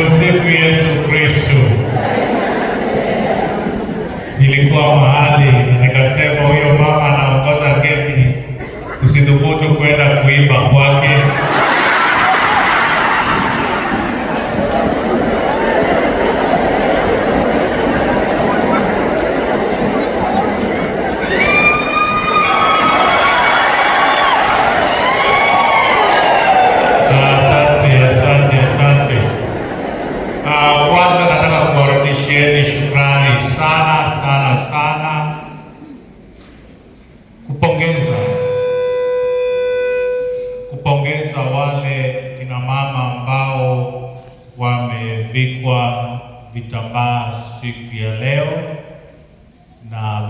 Yosefu Yesu Kristo. Nilikuwa mahali nikasema, huyo mama anaongoza gemi, usithubutu kwenda kuiba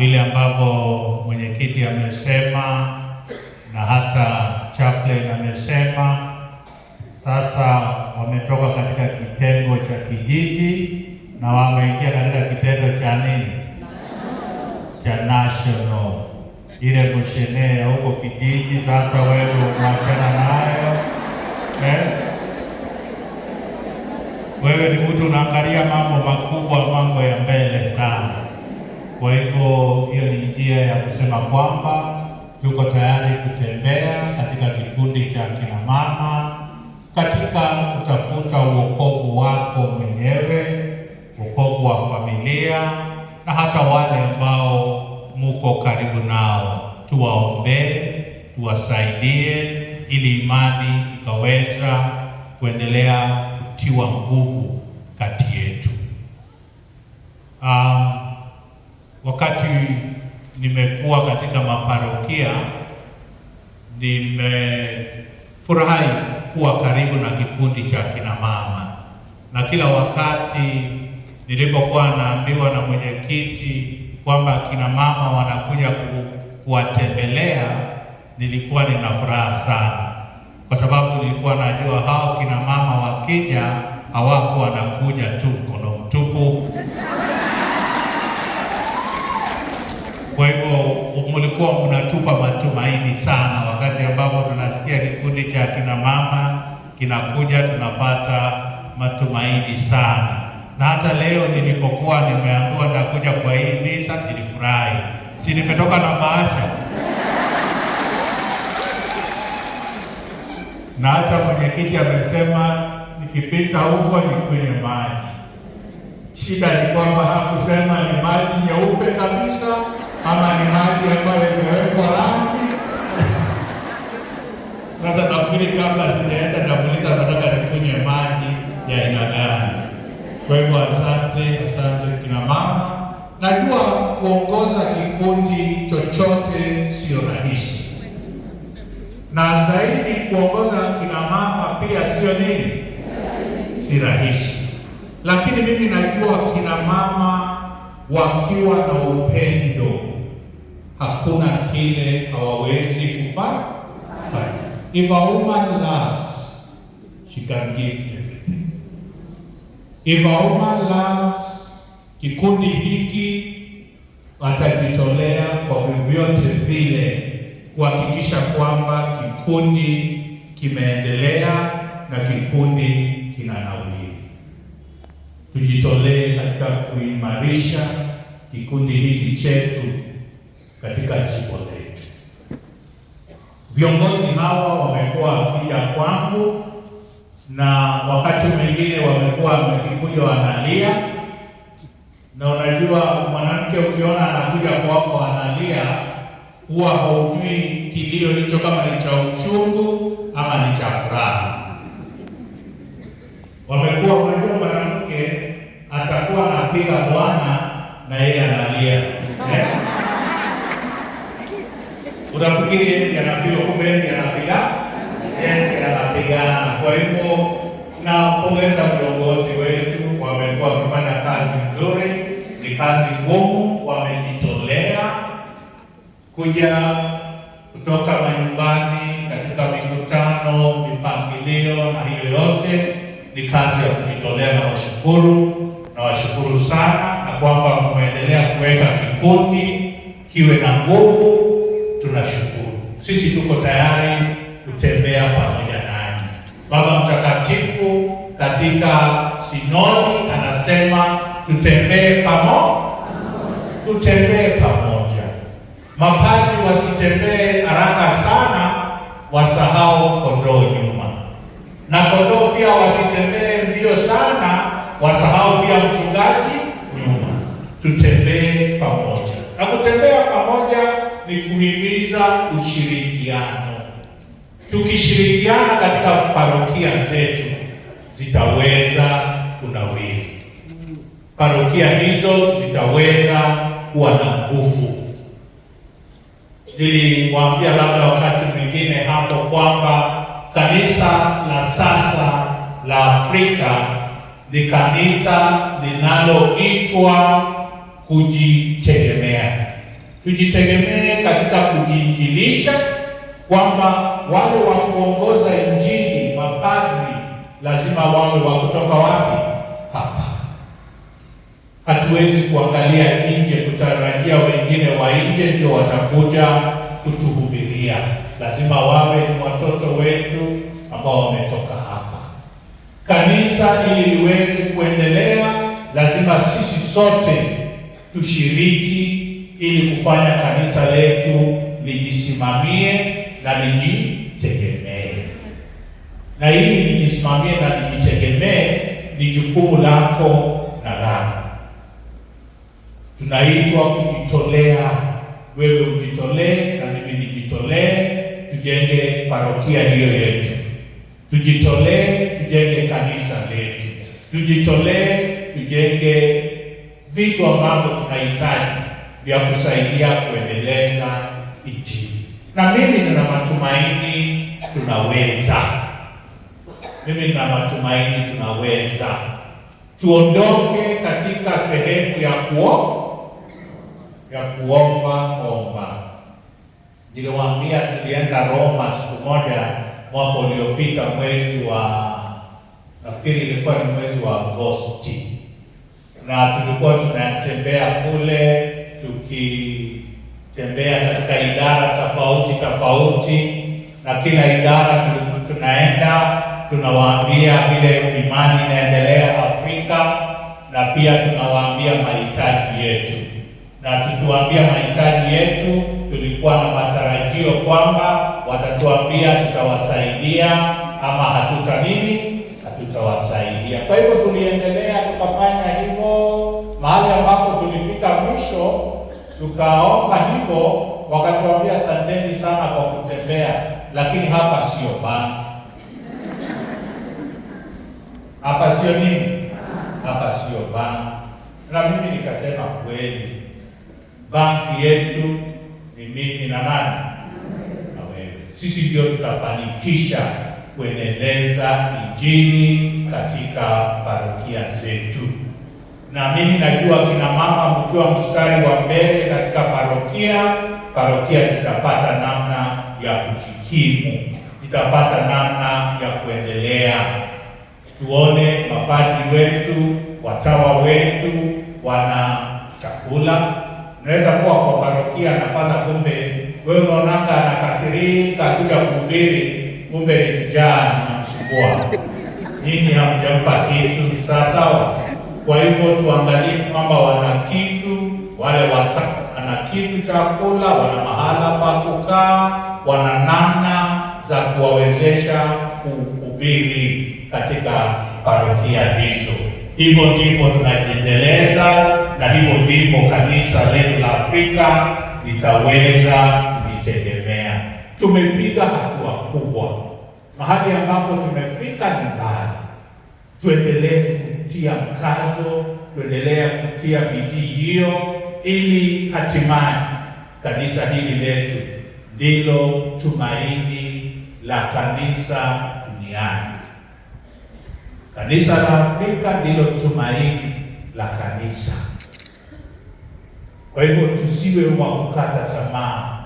vile ambavyo mwenyekiti amesema na hata chaplain amesema, sasa wametoka katika kitengo cha kijiji na wameingia katika kitendo cha nini cha national. Ile mshenee huko kijiji, sasa wewe unaachana nayo eh? Wewe ni mtu unaangalia mambo makubwa, mambo kwa hivyo hiyo ni njia ya kusema kwamba tuko tayari kutembea katika kikundi cha kina mama katika kutafuta uokovu wako mwenyewe, uokovu wa familia na hata wale ambao muko karibu nao, tuwaombee, tuwasaidie ili imani ikaweza kuendelea kutiwa nguvu kati yetu. Uh, nimekuwa katika maparokia, nimefurahi kuwa karibu na kikundi cha kina mama, na kila wakati nilipokuwa naambiwa na mwenyekiti kwamba kina mama wanakuja kuwatembelea nilikuwa nina furaha sana, kwa sababu nilikuwa najua hao kina mama wakija hawako wanakuja tu mkono mtupu Kwa hivyo mlikuwa mnatupa matumaini sana, wakati ambapo tunasikia kikundi cha kina mama kinakuja, tunapata matumaini sana. Na hata leo nilipokuwa nimeambiwa nitakuja kwa hii misa nilifurahi, si nimetoka na bahasha na hata mwenyekiti amesema nikipita huko kwenye maji. Shida ni kwamba hakusema ni maji nyeupe kabisa ama ni maji ambayo imewekwa rangi. Sasa nafikiri kabla sijaenda namuuliza nataka nikunywe maji ya aina gani? Kwa hivyo asante, asante kina mama. Najua kuongoza kikundi chochote sio rahisi, na zaidi kuongoza kina mama pia sio nini, si rahisi, lakini mimi najua kina mama wakiwa na upendo hakuna kile hawawezi kufanya. If a woman loves, she can give everything. If a woman loves, kikundi hiki watajitolea kwa vyovyote vile kuhakikisha kwamba kikundi kimeendelea na kikundi kinanawiri. Tujitolee katika kuimarisha kikundi hiki chetu katika jimbo letu. Viongozi hawa wamekuwa wakija kwangu na wakati mwingine wamekuwa wakikuja wanalia, na unajua mwanamke ukiona anakuja kwako analia, huwa haujui kilio hicho kama ni cha uchungu ama ni cha furaha. Wamekuwa unajua, mwanamke atakuwa anapiga bwana na yeye analia utafikiri yanapigwa, kumbe yanapiga eh, yanapigana. Kwa hivyo napongeza viongozi wetu, wamekuwa wakifanya kazi nzuri, ni kazi ngumu, wamejitolea kuja kutoka manyumbani katika mikutano, mipangilio na hiyo yote ni kazi ya kujitolea, na washukuru na washukuru sana, na kwamba mmeendelea kuweka kikundi kiwe na nguvu tunashukuru. Sisi tuko tayari kutembea pamoja nanyi. Baba Mtakatifu katika sinodi anasema tutembee pamoja, tutembee pamoja. Mapadri wasitembee haraka sana, wasahau kondoo nyuma, na kondoo pia wasitembee mbio sana, wasahau pia mchungaji nyuma. Tutembee pamoja na ni kuhimiza ushirikiano. Tukishirikiana katika parokia zetu zitaweza kunawiri, parokia hizo zitaweza kuwa na nguvu. Nilimwambia labda wakati mwingine hapo kwamba kanisa la sasa la Afrika ni kanisa linaloitwa kujitegemea tujitegemee katika kujiinjilisha, kwamba wale wa kuongoza injili mapadri lazima wawe wa kutoka wapi? Hapa hatuwezi kuangalia nje kutarajia wengine wa nje ndio watakuja kutuhubiria. Lazima wawe ni watoto wetu ambao wametoka hapa. Kanisa ili liweze kuendelea, lazima sisi sote tushiriki ili kufanya kanisa letu lijisimamie na lijitegemee. Na ili lijisimamie na lijitegemee ni jukumu lako na langu. Tunaitwa kujitolea, wewe ujitolee na mimi nijitolee, tujenge parokia hiyo yetu, tujitolee tujenge kanisa letu, tujitolee tujenge vitu ambavyo tunahitaji vya kusaidia kuendeleza Injili, na mimi nina matumaini tunaweza, mimi nina matumaini tunaweza. Tuondoke katika sehemu ya kuo ya kuomba omba. Niliwaambia tulienda Roma siku moja mwaka uliopita, mwezi wa nafikiri ilikuwa ni mwezi wa Agosti, na tulikuwa tunatembea kule tukitembea katika idara tofauti tofauti, na kila idara tunaenda tunawaambia vile imani inaendelea Afrika, na pia tunawaambia mahitaji yetu. Na tukiwaambia mahitaji yetu, tulikuwa na matarajio kwamba watatuambia tutawasaidia ama hatuta nini, hatutawasaidia. Kwa hivyo tuliendelea tukafanya hivyo mahali ambapo tulifika kufika mwisho tukaomba hivyo, wakatuambia asanteni sana kwa kutembea, lakini hapa sio baa, hapa sio nini, hapa sio baa. Na mimi nikasema kweli, banki yetu ni mimi na nani na wewe, sisi ndio tutafanikisha kueneleza Injili katika parokia zetu na mimi najua kina mama mkiwa mstari wa mbele katika parokia, parokia zitapata namna ya kujikimu, zitapata namna ya kuendelea. Tuone mapadi wetu, watawa wetu wana chakula. naweza kuwa kwa parokia nafadha, kumbe wewe unaonanga anakasirika kuja kuhubiri, kumbe ni njaa msumbua Nyinyi hamjampa kitu, sawa sawa kwa hivyo tuangalie kwamba wana kitu, wale wana kitu cha kula, wana mahala pa kukaa, wana namna za kuwawezesha kuhubiri katika parokia hizo. Hivyo ndivyo tunajiendeleza, na hivyo ndivyo kanisa letu la Afrika litaweza kujitegemea. Tumepiga hatua kubwa, mahali ambapo tumefika ni mbali, tuendelee kutia mkazo, tuendelea kutia bidii hiyo, ili hatimaye kanisa hili letu ndilo tumaini la kanisa duniani. Kanisa la Afrika ndilo tumaini la kanisa. Kwa hivyo tusiwe wa kukata tamaa.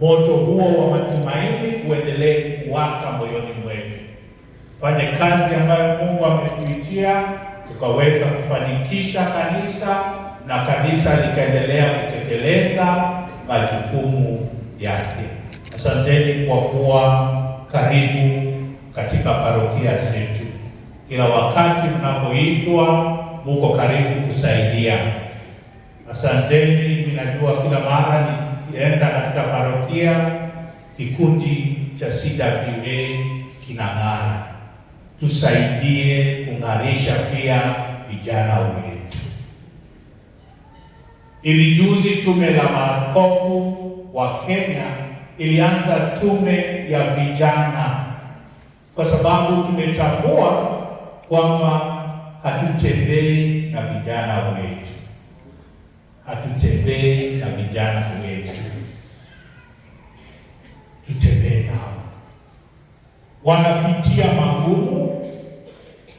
Moto huo wa matumaini uendelee kuwaka moyoni mwetu fanye kazi ambayo Mungu ametuitia, tukaweza kufanikisha kanisa na kanisa likaendelea kutekeleza majukumu yake. Asanteni kwa kuwa karibu katika parokia zetu. Kila wakati mnapoitwa, muko karibu kusaidia. Asanteni. Ninajua kila mara nikienda katika parokia, kikundi cha CWA kinang'ara tusaidie kung'arisha pia vijana wetu. Hivi juzi tume la maaskofu wa Kenya ilianza tume ya vijana, kwa sababu tumetambua kwamba hatutembei na vijana wetu, hatutembei na vijana wetu tutembei wanapitia magumu,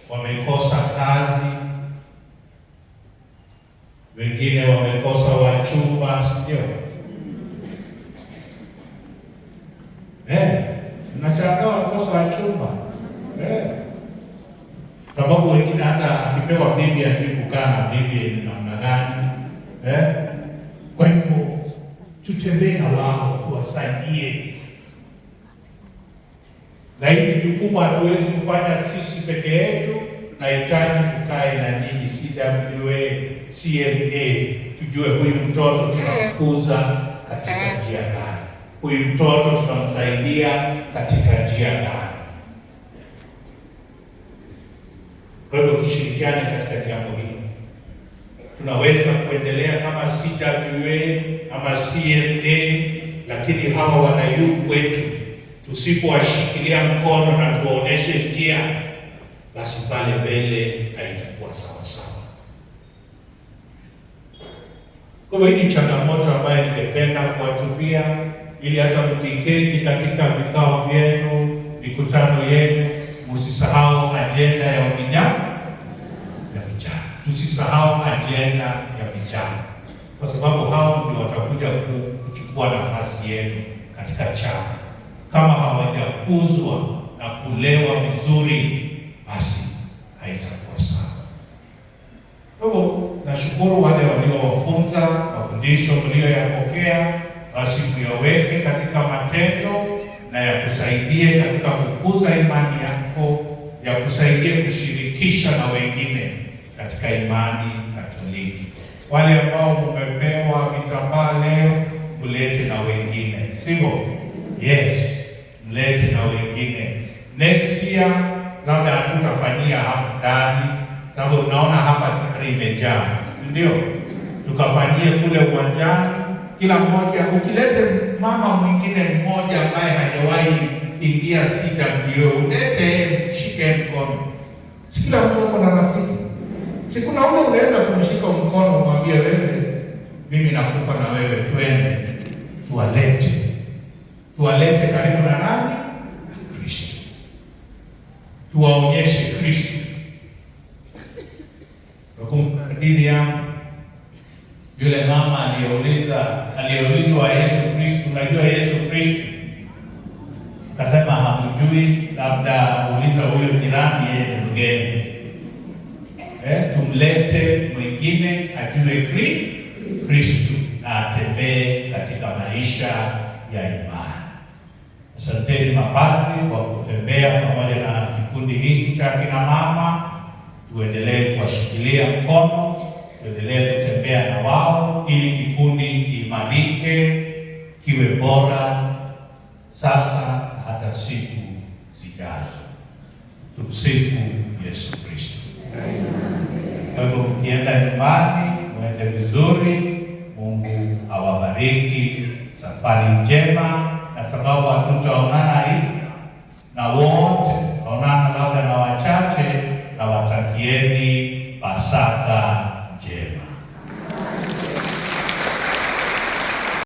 wamekosa kazi, wengine wamekosa wachumba, sio eh? Mnashangaa wamekosa wachumba eh? Sababu wengine hata akipewa bibi ajui kukaa na bibi ni namna gani eh? Kwa hivyo tutembee na wao tuwasaidie na hili jukumu hatuwezi kufanya sisi peke yetu, nahitaji tukae na nini CWA, CMA, tujue huyu mtoto tunamkuza katika njia gani, huyu mtoto tunamsaidia katika njia gani. Kwa hivyo tushirikiane katika jambo hili. Tunaweza kuendelea kama CWA ama CMA, lakini hawa wana youth wetu Tusipowashikilia mkono na tuwaonyeshe njia, basi pale mbele haitakuwa sawa sawa. Kwa hivyo hii ni changamoto ambayo ningependa kuwatupia, ili hata mkiketi katika vikao vyenu, mikutano yenu, msisahau ajenda ya vijana ya vijana. Tusisahau ajenda ya vijana, kwa sababu hao ndio watakuja kuchukua nafasi yenu katika chama kama hawajakuzwa na kulewa vizuri, basi haitakuwa sawa. Kwa hivyo nashukuru wale waliowafunza mafundisho mlioyapokea, basi tuyaweke katika matendo na yakusaidie katika kukuza imani yako, yakusaidie kushirikisha na wengine katika imani Katoliki. Wale ambao mumepewa vitambaa leo, mulete na wengine, sivyo? Yes mlete na wengine next year, labda hatutafanyia hapo ndani, sababu unaona hapa tayari imejaa, si ndio? Tukafanyie kule uwanjani, kila mmoja ukilete mama mwingine mmoja ambaye hajawahi ingia sita, ndio ulete, mshike mkono. Si kila mtu ako na rafiki, si kuna ule unaweza kumshika mkono, umwambie, wewe, mimi nakufa na wewe, twende tuwale tuwaonyeshe Kristo. Nakumbuka dini yangu yule mama aliyeuliza aliyeulizwa Yesu Kristo, unajua Yesu Kristo? Akasema hamjui, labda muuliza huyo jirani, yeye ni mgeni. Eh, tumlete mwingine ajue Kristo na atembee katika maisha ya imani. Asanteni mapadri kwa kutembea pamoja na kikundi hiki cha kina mama. Tuendelee kuwashikilia mkono, tuendelee kutembea na wao ili kikundi kiimarike, kiwe bora sasa na hata siku zijazo. Tumsifu Yesu Kristo. Kwa hivyo mkienda nyumbani, mwende vizuri. Mungu awabariki. Safari njema sababu hatutaonana hivi na wote, naonana labda na wachache, na watakieni Pasaka